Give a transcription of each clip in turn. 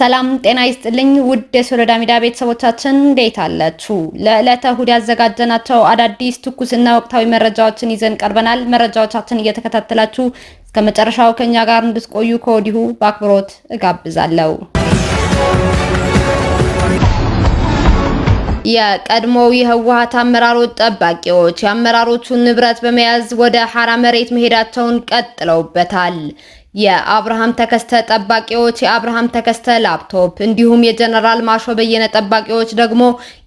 ሰላም ጤና ይስጥልኝ ውድ የሶሎዳ ሚዲያ ቤተሰቦቻችን እንዴት አላችሁ? ለዕለተ እሁድ ያዘጋጀናቸው አዳዲስ ትኩስና ወቅታዊ መረጃዎችን ይዘን ቀርበናል። መረጃዎቻችን እየተከታተላችሁ እስከ መጨረሻው ከእኛ ጋር እንድትቆዩ ከወዲሁ በአክብሮት እጋብዛለሁ። የቀድሞው የህወሀት አመራሮች ጠባቂዎች የአመራሮቹን ንብረት በመያዝ ወደ ሐራ መሬት መሄዳቸውን ቀጥለውበታል። የአብርሃም ተከስተ ጠባቂዎች የአብርሃም ተከስተ ላፕቶፕ እንዲሁም የጀነራል ማሾ በየነ ጠባቂዎች ደግሞ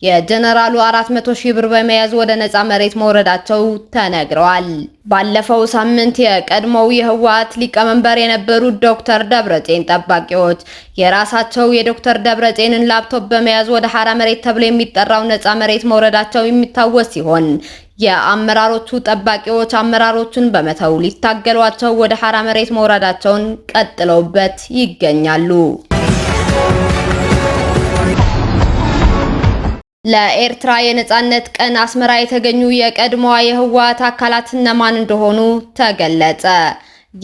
የጀነራሉ 400 ሺህ ብር በመያዝ ወደ ነጻ መሬት መውረዳቸው ተነግረዋል። ባለፈው ሳምንት የቀድሞው የህወሓት ሊቀመንበር የነበሩት ዶክተር ደብረጼን ጠባቂዎች የራሳቸው የዶክተር ደብረጼንን ላፕቶፕ በመያዝ ወደ ሀራ መሬት ተብሎ የሚጠራው ነጻ መሬት መውረዳቸው የሚታወስ ሲሆን የአመራሮቹ ጠባቂዎች አመራሮቹን በመተው ሊታገሏቸው ወደ ሐራ መሬት መውረዳቸውን ቀጥለውበት ይገኛሉ። ለኤርትራ የነጻነት ቀን አስመራ የተገኙ የቀድሞዋ የህወሓት አካላት እነማን እንደሆኑ ተገለጸ።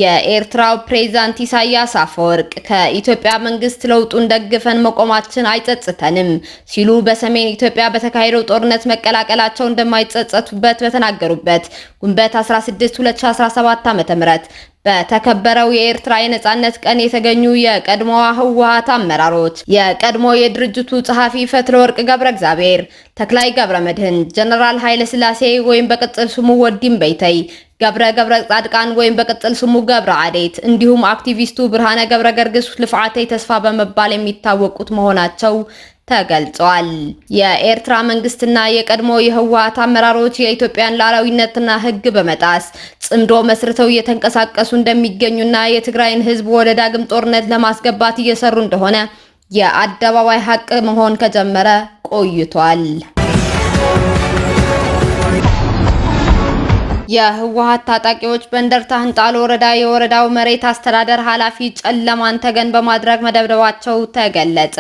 የኤርትራው ፕሬዝዳንት ኢሳያስ አፈወርቅ ከኢትዮጵያ መንግስት ለውጡን ደግፈን መቆማችን አይጸጽተንም ሲሉ በሰሜን ኢትዮጵያ በተካሄደው ጦርነት መቀላቀላቸው እንደማይጸጸቱበት በተናገሩበት ግንቦት 16 2017 ዓ.ም በተከበረው የኤርትራ የነጻነት ቀን የተገኙ የቀድሞዋ ህወሓት አመራሮች የቀድሞ የድርጅቱ ጸሐፊ ፈትለወርቅ ገብረ እግዚአብሔር፣ ተክላይ ገብረ መድህን፣ ጀነራል ኃይለ ስላሴ ወይም በቅጽል ስሙ ወዲም በይተይ ገብረ ገብረ ጻድቃን ወይም በቅጽል ስሙ ገብረ አዴት እንዲሁም አክቲቪስቱ ብርሃነ ገብረ ገርግስ ልፍዓተ ተስፋ በመባል የሚታወቁት መሆናቸው ተገልጿል። የኤርትራ መንግስትና የቀድሞ የህወሓት አመራሮች የኢትዮጵያን ሉዓላዊነትና ህግ በመጣስ ጽምዶ መስርተው እየተንቀሳቀሱ እንደሚገኙና የትግራይን ህዝብ ወደ ዳግም ጦርነት ለማስገባት እየሰሩ እንደሆነ የአደባባይ ሀቅ መሆን ከጀመረ ቆይቷል። የህወሀት ታጣቂዎች በእንደርታ ህንጣል ወረዳ የወረዳው መሬት አስተዳደር ኃላፊ ጨለማን ተገን በማድረግ መደብደባቸው ተገለጸ።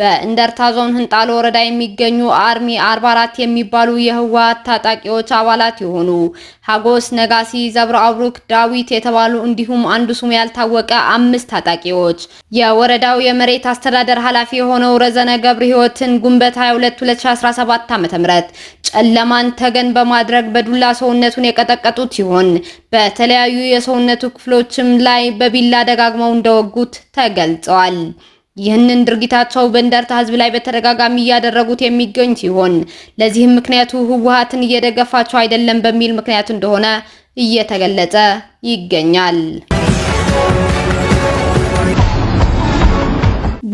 በእንደርታ ዞን ህንጣሎ ወረዳ የሚገኙ አርሚ 44 የሚባሉ የህወሓት ታጣቂዎች አባላት የሆኑ ሀጎስ ነጋሲ፣ ዘብረ አብሩክ፣ ዳዊት የተባሉ እንዲሁም አንዱ ስሙ ያልታወቀ አምስት ታጣቂዎች የወረዳው የመሬት አስተዳደር ኃላፊ የሆነው ረዘነ ገብረ ህይወትን ጉንበት 22 2017 ዓ.ም ጨለማን ተገን በማድረግ በዱላ ሰውነቱን የቀጠቀጡት ሲሆን በተለያዩ የሰውነቱ ክፍሎችም ላይ በቢላ ደጋግመው እንደወጉት ተገልጸዋል። ይህንን ድርጊታቸው በእንደርታ ህዝብ ላይ በተደጋጋሚ እያደረጉት የሚገኝ ሲሆን ለዚህም ምክንያቱ ህወሓትን እየደገፋቸው አይደለም በሚል ምክንያት እንደሆነ እየተገለጸ ይገኛል።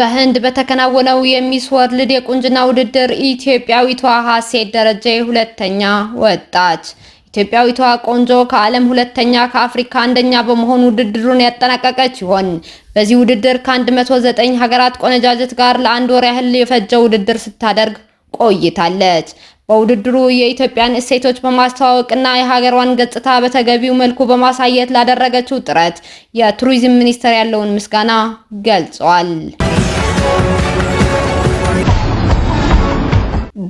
በህንድ በተከናወነው የሚስ ወርልድ የቁንጅና ውድድር ኢትዮጵያዊቷ ሀሴት ደረጀ ሁለተኛ ወጣች። ኢትዮጵያዊቷ ቆንጆ ከዓለም ሁለተኛ ከአፍሪካ አንደኛ በመሆን ውድድሩን ያጠናቀቀች ሲሆን በዚህ ውድድር ከ109 ሀገራት ቆነጃጀት ጋር ለአንድ ወር ያህል የፈጀ ውድድር ስታደርግ ቆይታለች። በውድድሩ የኢትዮጵያን እሴቶች በማስተዋወቅና የሀገሯን ገጽታ በተገቢው መልኩ በማሳየት ላደረገችው ጥረት የቱሪዝም ሚኒስቴር ያለውን ምስጋና ገልጿል።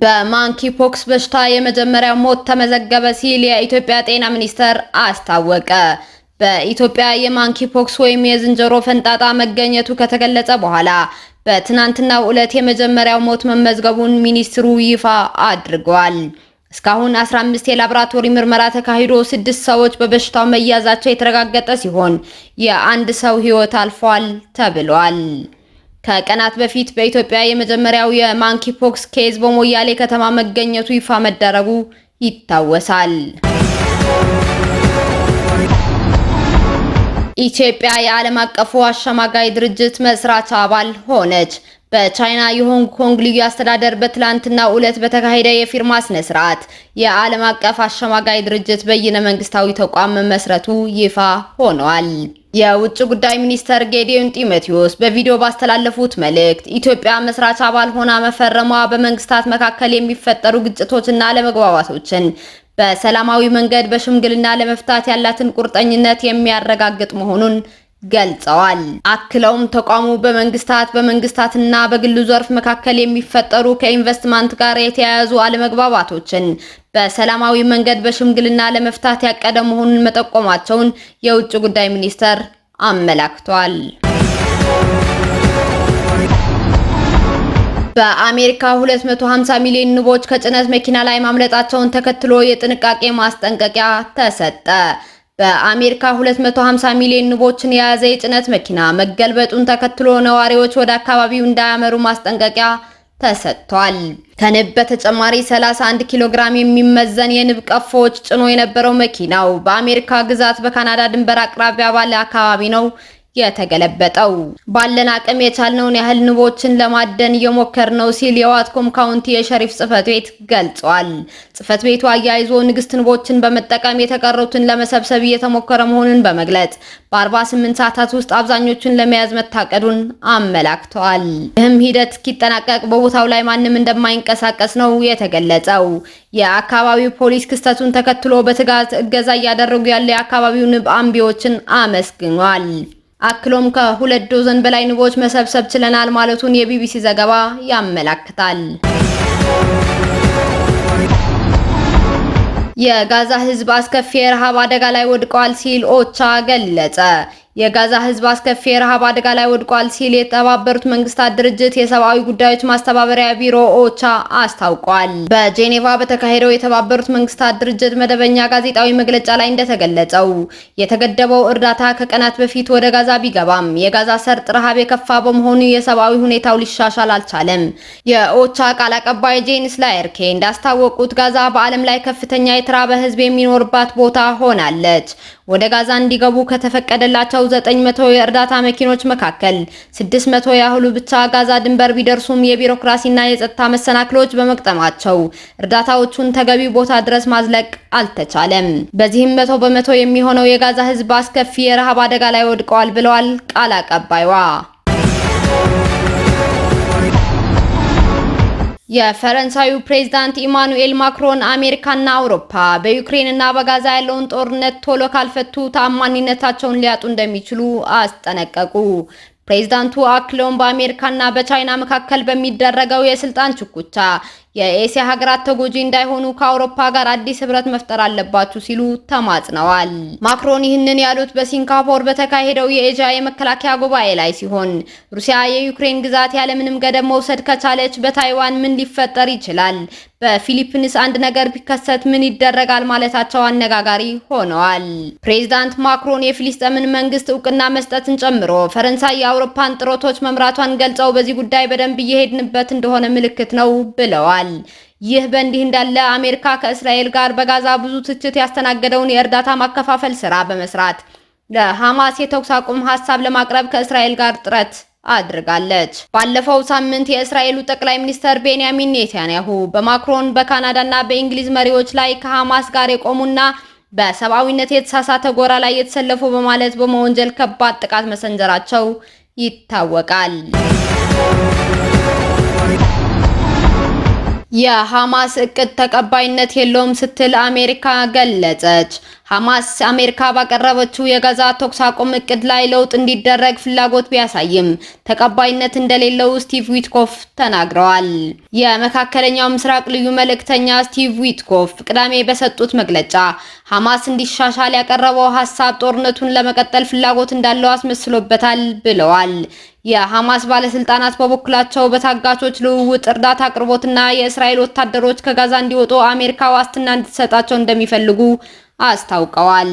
በማንኪፖክስ በሽታ የመጀመሪያ ሞት ተመዘገበ ሲል የኢትዮጵያ ጤና ሚኒስቴር አስታወቀ። በኢትዮጵያ የማንኪፖክስ ወይም የዝንጀሮ ፈንጣጣ መገኘቱ ከተገለጸ በኋላ በትናንትናው ዕለት የመጀመሪያው ሞት መመዝገቡን ሚኒስትሩ ይፋ አድርገዋል። እስካሁን 15 የላብራቶሪ ምርመራ ተካሂዶ ስድስት ሰዎች በበሽታው መያዛቸው የተረጋገጠ ሲሆን የአንድ ሰው ሕይወት አልፏል ተብሏል። ከቀናት በፊት በኢትዮጵያ የመጀመሪያው የማንኪ ፖክስ ኬዝ በሞያሌ ከተማ መገኘቱ ይፋ መደረጉ ይታወሳል። ኢትዮጵያ የዓለም አቀፉ አሸማጋይ ድርጅት መስራች አባል ሆነች። በቻይና የሆንግ ኮንግ ልዩ አስተዳደር በትላንትና ዕለት በተካሄደ የፊርማ ስነ ስርዓት የዓለም አቀፍ አሸማጋይ ድርጅት በይነ መንግስታዊ ተቋም መመስረቱ ይፋ ሆኗል። የውጭ ጉዳይ ሚኒስተር ጌዲዮን ጢሞቴዎስ በቪዲዮ ባስተላለፉት መልእክት ኢትዮጵያ መስራች አባል ሆና መፈረሟ በመንግስታት መካከል የሚፈጠሩ ግጭቶችና አለመግባባቶችን በሰላማዊ መንገድ በሽምግልና ለመፍታት ያላትን ቁርጠኝነት የሚያረጋግጥ መሆኑን ገልጸዋል። አክለውም ተቋሙ በመንግስታት በመንግስታትና በግሉ ዘርፍ መካከል የሚፈጠሩ ከኢንቨስትመንት ጋር የተያያዙ አለመግባባቶችን በሰላማዊ መንገድ በሽምግልና ለመፍታት ያቀደ መሆኑን መጠቆማቸውን የውጭ ጉዳይ ሚኒስቴር አመላክቷል። በአሜሪካ 250 ሚሊዮን ንቦች ከጭነት መኪና ላይ ማምለጣቸውን ተከትሎ የጥንቃቄ ማስጠንቀቂያ ተሰጠ። በአሜሪካ 250 ሚሊዮን ንቦችን የያዘ የጭነት መኪና መገልበጡን ተከትሎ ነዋሪዎች ወደ አካባቢው እንዳያመሩ ማስጠንቀቂያ ተሰጥቷል። ከንብ በተጨማሪ 31 ኪሎ ግራም የሚመዘን የንብ ቀፎዎች ጭኖ የነበረው መኪናው በአሜሪካ ግዛት በካናዳ ድንበር አቅራቢያ ባለ አካባቢ ነው የተገለበጠው። ባለን አቅም የቻልነውን ያህል ንቦችን ለማደን እየሞከር ነው ሲል የዋትኮም ካውንቲ የሸሪፍ ጽህፈት ቤት ገልጿል። ጽህፈት ቤቱ አያይዞ ንግስት ንቦችን በመጠቀም የተቀሩትን ለመሰብሰብ እየተሞከረ መሆኑን በመግለጽ በ48 ሰዓታት ውስጥ አብዛኞቹን ለመያዝ መታቀዱን አመላክተዋል። ይህም ሂደት እስኪጠናቀቅ በቦታው ላይ ማንም እንደማይንቀሳቀስ ነው የተገለጸው። የአካባቢው ፖሊስ ክስተቱን ተከትሎ በትጋት እገዛ እያደረጉ ያለ የአካባቢው ንብ አምቢዎችን አመስግኗል። አክሎም ከሁለት ዶዘን በላይ ንቦች መሰብሰብ ችለናል ማለቱን የቢቢሲ ዘገባ ያመላክታል። የጋዛ ሕዝብ አስከፊ የረሃብ አደጋ ላይ ወድቀዋል ሲል ኦቻ ገለጸ። የጋዛ ህዝብ አስከፊ የረሃብ አደጋ ላይ ወድቋል ሲል የተባበሩት መንግስታት ድርጅት የሰብአዊ ጉዳዮች ማስተባበሪያ ቢሮ ኦቻ አስታውቋል። በጄኔቫ በተካሄደው የተባበሩት መንግስታት ድርጅት መደበኛ ጋዜጣዊ መግለጫ ላይ እንደተገለጸው የተገደበው እርዳታ ከቀናት በፊት ወደ ጋዛ ቢገባም የጋዛ ሰርጥ ረሃብ የከፋ በመሆኑ የሰብአዊ ሁኔታው ሊሻሻል አልቻለም። የኦቻ ቃል አቀባይ ጄኒስ ላየርኬ እንዳስታወቁት ጋዛ በዓለም ላይ ከፍተኛ የተራበ ህዝብ የሚኖርባት ቦታ ሆናለች። ወደ ጋዛ እንዲገቡ ከተፈቀደላቸው 900 የእርዳታ መኪኖች መካከል 600 ያህሉ ብቻ ጋዛ ድንበር ቢደርሱም የቢሮክራሲና የጸጥታ መሰናክሎች በመቅጠማቸው እርዳታዎቹን ተገቢ ቦታ ድረስ ማዝለቅ አልተቻለም። በዚህም መቶ በመቶ የሚሆነው የጋዛ ሕዝብ አስከፊ የረሃብ አደጋ ላይ ወድቀዋል ብለዋል ቃል አቀባይዋ። የፈረንሳዩ ፕሬዝዳንት ኢማኑኤል ማክሮን አሜሪካና አውሮፓ በዩክሬንና በጋዛ ያለውን ጦርነት ቶሎ ካልፈቱ ታማኒነታቸውን ሊያጡ እንደሚችሉ አስጠነቀቁ። ፕሬዝዳንቱ አክለውን በአሜሪካና በቻይና መካከል በሚደረገው የስልጣን ችኩቻ የኤስያ ሀገራት ተጎጂ እንዳይሆኑ ከአውሮፓ ጋር አዲስ ህብረት መፍጠር አለባችሁ ሲሉ ተማጽነዋል። ማክሮን ይህንን ያሉት በሲንጋፖር በተካሄደው የኤዥያ የመከላከያ ጉባኤ ላይ ሲሆን ሩሲያ የዩክሬን ግዛት ያለምንም ገደብ መውሰድ ከቻለች በታይዋን ምን ሊፈጠር ይችላል? በፊሊፒንስ አንድ ነገር ቢከሰት ምን ይደረጋል ማለታቸው አነጋጋሪ ሆነዋል። ፕሬዚዳንት ማክሮን የፊሊስጠምን መንግስት እውቅና መስጠትን ጨምሮ ፈረንሳይ የአውሮፓን ጥረቶች መምራቷን ገልጸው በዚህ ጉዳይ በደንብ እየሄድንበት እንደሆነ ምልክት ነው ብለዋል። ይህ በእንዲህ እንዳለ አሜሪካ ከእስራኤል ጋር በጋዛ ብዙ ትችት ያስተናገደውን የእርዳታ ማከፋፈል ስራ በመስራት ለሐማስ የተኩስ አቁም ሀሳብ ለማቅረብ ከእስራኤል ጋር ጥረት አድርጋለች። ባለፈው ሳምንት የእስራኤሉ ጠቅላይ ሚኒስትር ቤንያሚን ኔታንያሁ በማክሮን በካናዳና በእንግሊዝ መሪዎች ላይ ከሐማስ ጋር የቆሙና በሰብአዊነት የተሳሳተ ጎራ ላይ የተሰለፉ በማለት በመወንጀል ከባድ ጥቃት መሰንዘራቸው ይታወቃል። የሐማስ እቅድ ተቀባይነት የለውም ስትል አሜሪካ ገለጸች። ሐማስ አሜሪካ ባቀረበችው የጋዛ ተኩስ አቁም እቅድ ላይ ለውጥ እንዲደረግ ፍላጎት ቢያሳይም ተቀባይነት እንደሌለው ስቲቭ ዊትኮፍ ተናግረዋል። የመካከለኛው ምስራቅ ልዩ መልእክተኛ ስቲቭ ዊትኮፍ ቅዳሜ በሰጡት መግለጫ ሐማስ እንዲሻሻል ያቀረበው ሀሳብ ጦርነቱን ለመቀጠል ፍላጎት እንዳለው አስመስሎበታል ብለዋል። የሐማስ ባለስልጣናት በበኩላቸው በታጋቾች ልውውጥ እርዳታ አቅርቦትና የእስራኤል ወታደሮች ከጋዛ እንዲወጡ አሜሪካ ዋስትና እንድትሰጣቸው እንደሚፈልጉ አስታውቀዋል።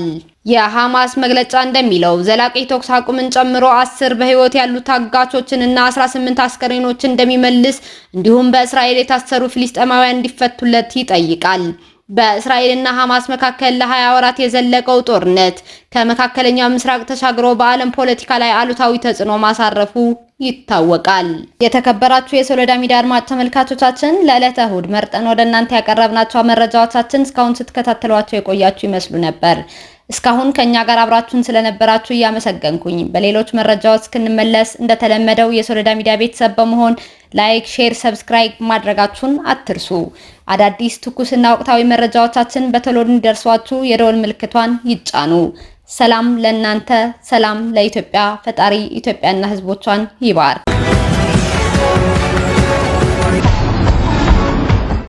የሐማስ መግለጫ እንደሚለው ዘላቂ ተኩስ አቁምን ጨምሮ አስር በህይወት ያሉ ታጋቾችንና 18 አስከሬኖችን እንደሚመልስ እንዲሁም በእስራኤል የታሰሩ ፊሊስጤማውያን እንዲፈቱለት ይጠይቃል። በእስራኤልና ሐማስ መካከል ለ20 ወራት የዘለቀው ጦርነት ከመካከለኛው ምስራቅ ተሻግሮ በዓለም ፖለቲካ ላይ አሉታዊ ተጽዕኖ ማሳረፉ ይታወቃል። የተከበራችሁ የሶሎዳ ሚዲያ አድማጭ ተመልካቾቻችን ለዕለተ እሁድ መርጠን ወደ እናንተ ያቀረብናቸው መረጃዎቻችን እስካሁን ስትከታተሏቸው የቆያችሁ ይመስሉ ነበር። እስካሁን ከእኛ ጋር አብራችሁን ስለነበራችሁ እያመሰገንኩኝ በሌሎች መረጃዎች እስክንመለስ እንደተለመደው የሶሎዳ ሚዲያ ቤተሰብ በመሆን ላይክ፣ ሼር፣ ሰብስክራይብ ማድረጋችሁን አትርሱ። አዳዲስ ትኩስና ወቅታዊ መረጃዎቻችን በቶሎ እንዲደርሷችሁ የደወል ምልክቷን ይጫኑ። ሰላም ለእናንተ፣ ሰላም ለኢትዮጵያ። ፈጣሪ ኢትዮጵያና ሕዝቦቿን ይባር።